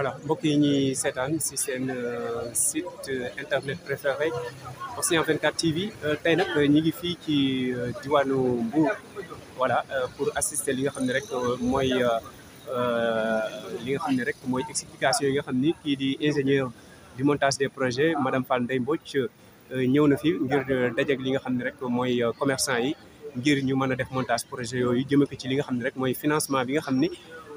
voilà mbokk yi ñuy seetaan si seen euh, site euh, internet préféré Océan 24 TV tey nag euh, ñi ngi fii ci diwaanu Mbour voilà pour assister li nga xam ne rek mooy li nga xam ne rek mooy explication yi nga xam ni kii di ingénieur du montage des projets madame Fall Ndeye Mbodj ñëw na fi ngir dajeeg li nga xam ne rek mooy commerçant yi ngir ñu mën a def montage projet yooyu jëme ko ci li nga xam ne rek mooy financement bi nga xam ni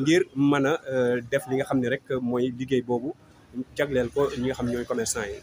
ngir mën a euh, def li nga xam ni rek mooy liggéey boobu jagleel ko ñi nga xam ñooy commerçant yi.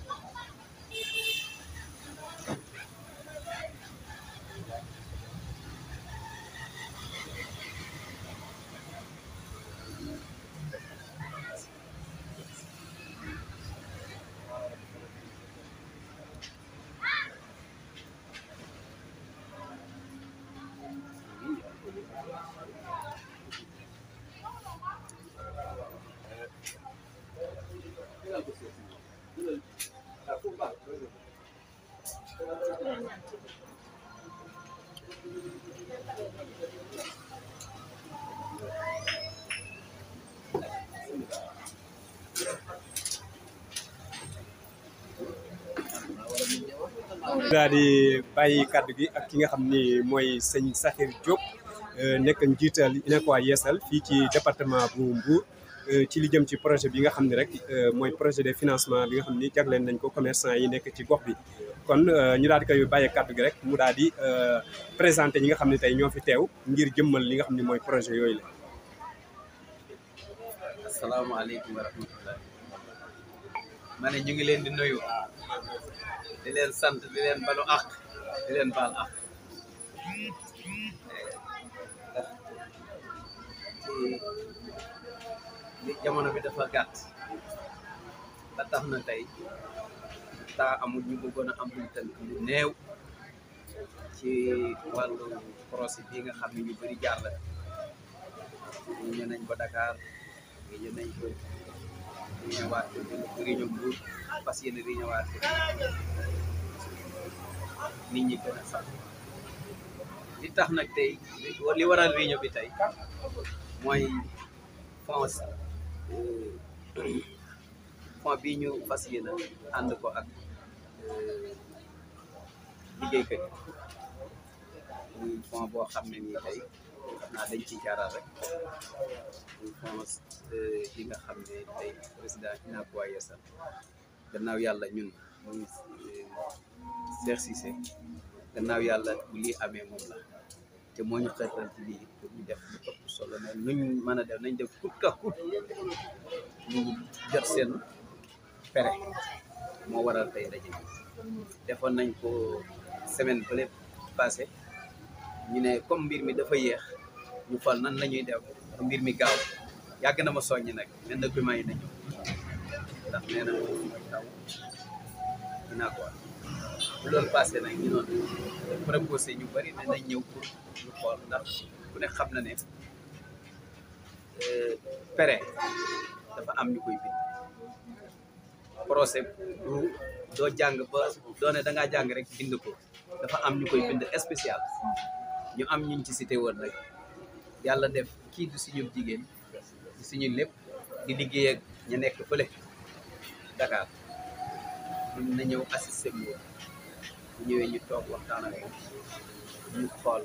daal di bàyyi kadd gi ak ki nga xam ni mooy sëñ Sakhir Diop euh, nekk njiital UNACOIS Yeesal fii ci département bu Mbour euh, ci li jëm ci projet bi nga xam ne rek euh, mooy projet de financement bi nga xam ni jagleen nañ ko commerçant yi nekk ci gox bi kon ñu daal di koy bàyyee kàddu gi rek mu daal di présenter ñi nga xam ne tey ñoo fi teew ngir jëmmal li nga xam ne mooy projet yooyu la ñu ngi leen di nuyu di sant di leen balu àq di leen baal àq li jamono bi dafa gàtt ba tax na tey taa amul ñu bëggoon a am lu tënk lu néew ci wàllu procès bi nga xam ne ñu bëri la ñu nañ ko Dakar ñu nañ ko ñëwaat réunion bu fas yéene ñëwaat nit ñi gën sax li tax nag tey li waral réunion bi tey mooy fonds fonds bi ñu fas yéene ànd ko ak liggéeykat yi muy boo xam ne nii tey naa dañ ciy jaaraat rek conférence euh, nga xam ne tey président UNACOIS Yessal gannaaw yàlla ñun muy euh, Cheikh Cissé gannaaw yàlla bu lii amee moom la te moo ñu xeetal ci ñu def lu ëpp solo mais nuñ mën a def nañ def kut ka kut ñu jot seen pere moo waral tey ndaje defoon nañ ko semaine bële passé ñu ne comme mbir mi dafa yéex ñu xool nan la ñuy def mbir mi gaaw yàgg na ma soññi nag ne documents yi nañu ndax nee na taw dinaa ko wax bu loolu passé nag ñu noonu proposé ñu bëri ne nañ ñëw pour ñu xool ku ne xam na ne euh, pere dafa am ñu koy bind procès du doo jàng ba doo ne da ngaa jàng rek bind ko dafa am ñu koy bind spécial ñu am ñuñ ci cité woon nag yàlla def kii du suñu jigéen du suñu lépp di liggéey ak ñu nekk fële Dakar mun na ñëw assisté mu ñëwee ñu toog waxtaan ak ñu xool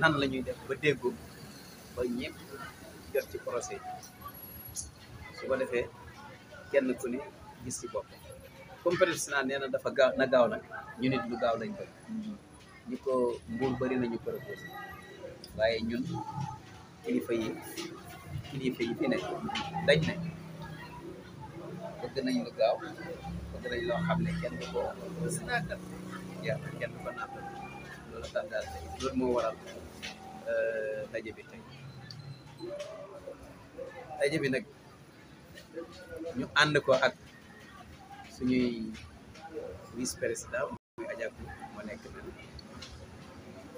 nan la ñuy def ba déggoo ba ñëpp jot ci procès su ko defee kenn ku ne gis ci bopp comme président nee na dafa gaaw na gaaw nag ñu nit lu gaaw lañ bëgg ñu ko nguur bëri nañu proposé waye ñun kilifa yi kilifa yi fi ne dañ ne bëgg nañ lu gaaw bëgg nañ lo xamne kenn du ko si naatal yaa kenn du ko naatal loolu dal daal loolu mo waral daje bi tay daje bi nak ñu and ko ak suñuy vice president muy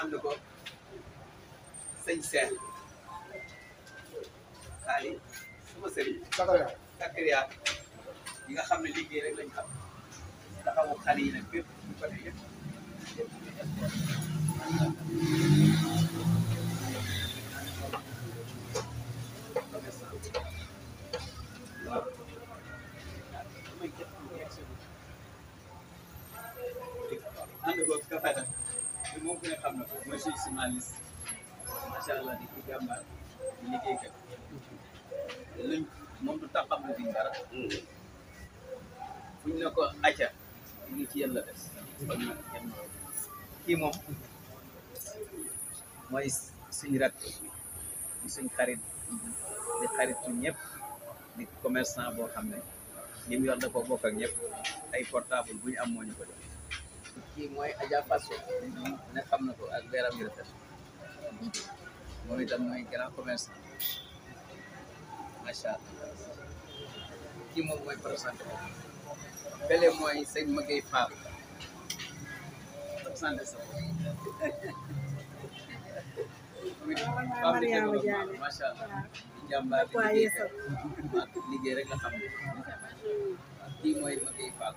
ànd ko sëñ Seex xaali sama sëriñ Sakariya yi nga xam ne liggéey rek lañ xam taxawu xale yi nag bépp ñu ko yëpp xaalis allah di kii jàmbaar di liggéeykat luñ moom du taxam lu di dara fuñ ne ko acca ngi ci kii moom mooy suñ rak di suñ xarit di xaritu ñëpp di commerçant boo xam ne li mu yor ko bokk ak ay portable bu ñu am moo ñu ko jox kii mooy Adja Faso ne xam na ko ak beeram yu rafet moom itam mooy grand commerçant macha allah kii moom mooy présenté bële sëñ Maguette Fall présenté sa maam di ko liggéey rek la xam kii mooy Maguette Fall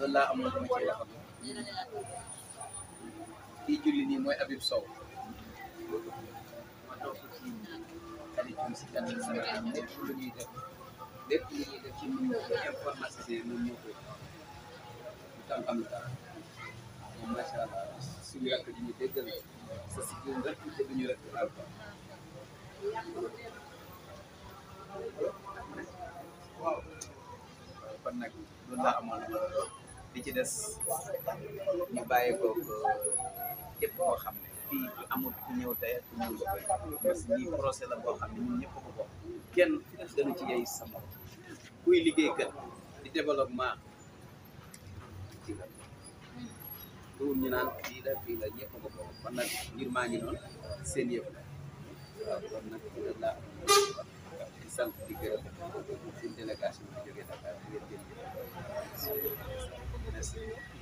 loolu laa amoon dama cee waxoon kii julli nii mooy Habib Sow ma toog ci xarit yi si kan sama am lépp lu ñuy def lépp lu ñuy def ci mu informatisé moom moo koy xam-xam la moom macha allah suñu rakk di ñu déggal sa si jëm rek te duñu rek alfa waaw kon nag loolu laa amoon di ci des ñu bàyyi ko képp xam ne fii amul ku ñëw tey ku ñëw tey parce que lii la boo xam ne ñu ñëpp ko bokk kenn dana ci yey sama kuy liggéeykat di développement ci ñu naan fii la fii la ñëpp ko kon nag ngir maa ngi noonu seen yëpp la waaw kon nag la sant di gërëm suñu délégation bi jógee Dakar di leen jënd merci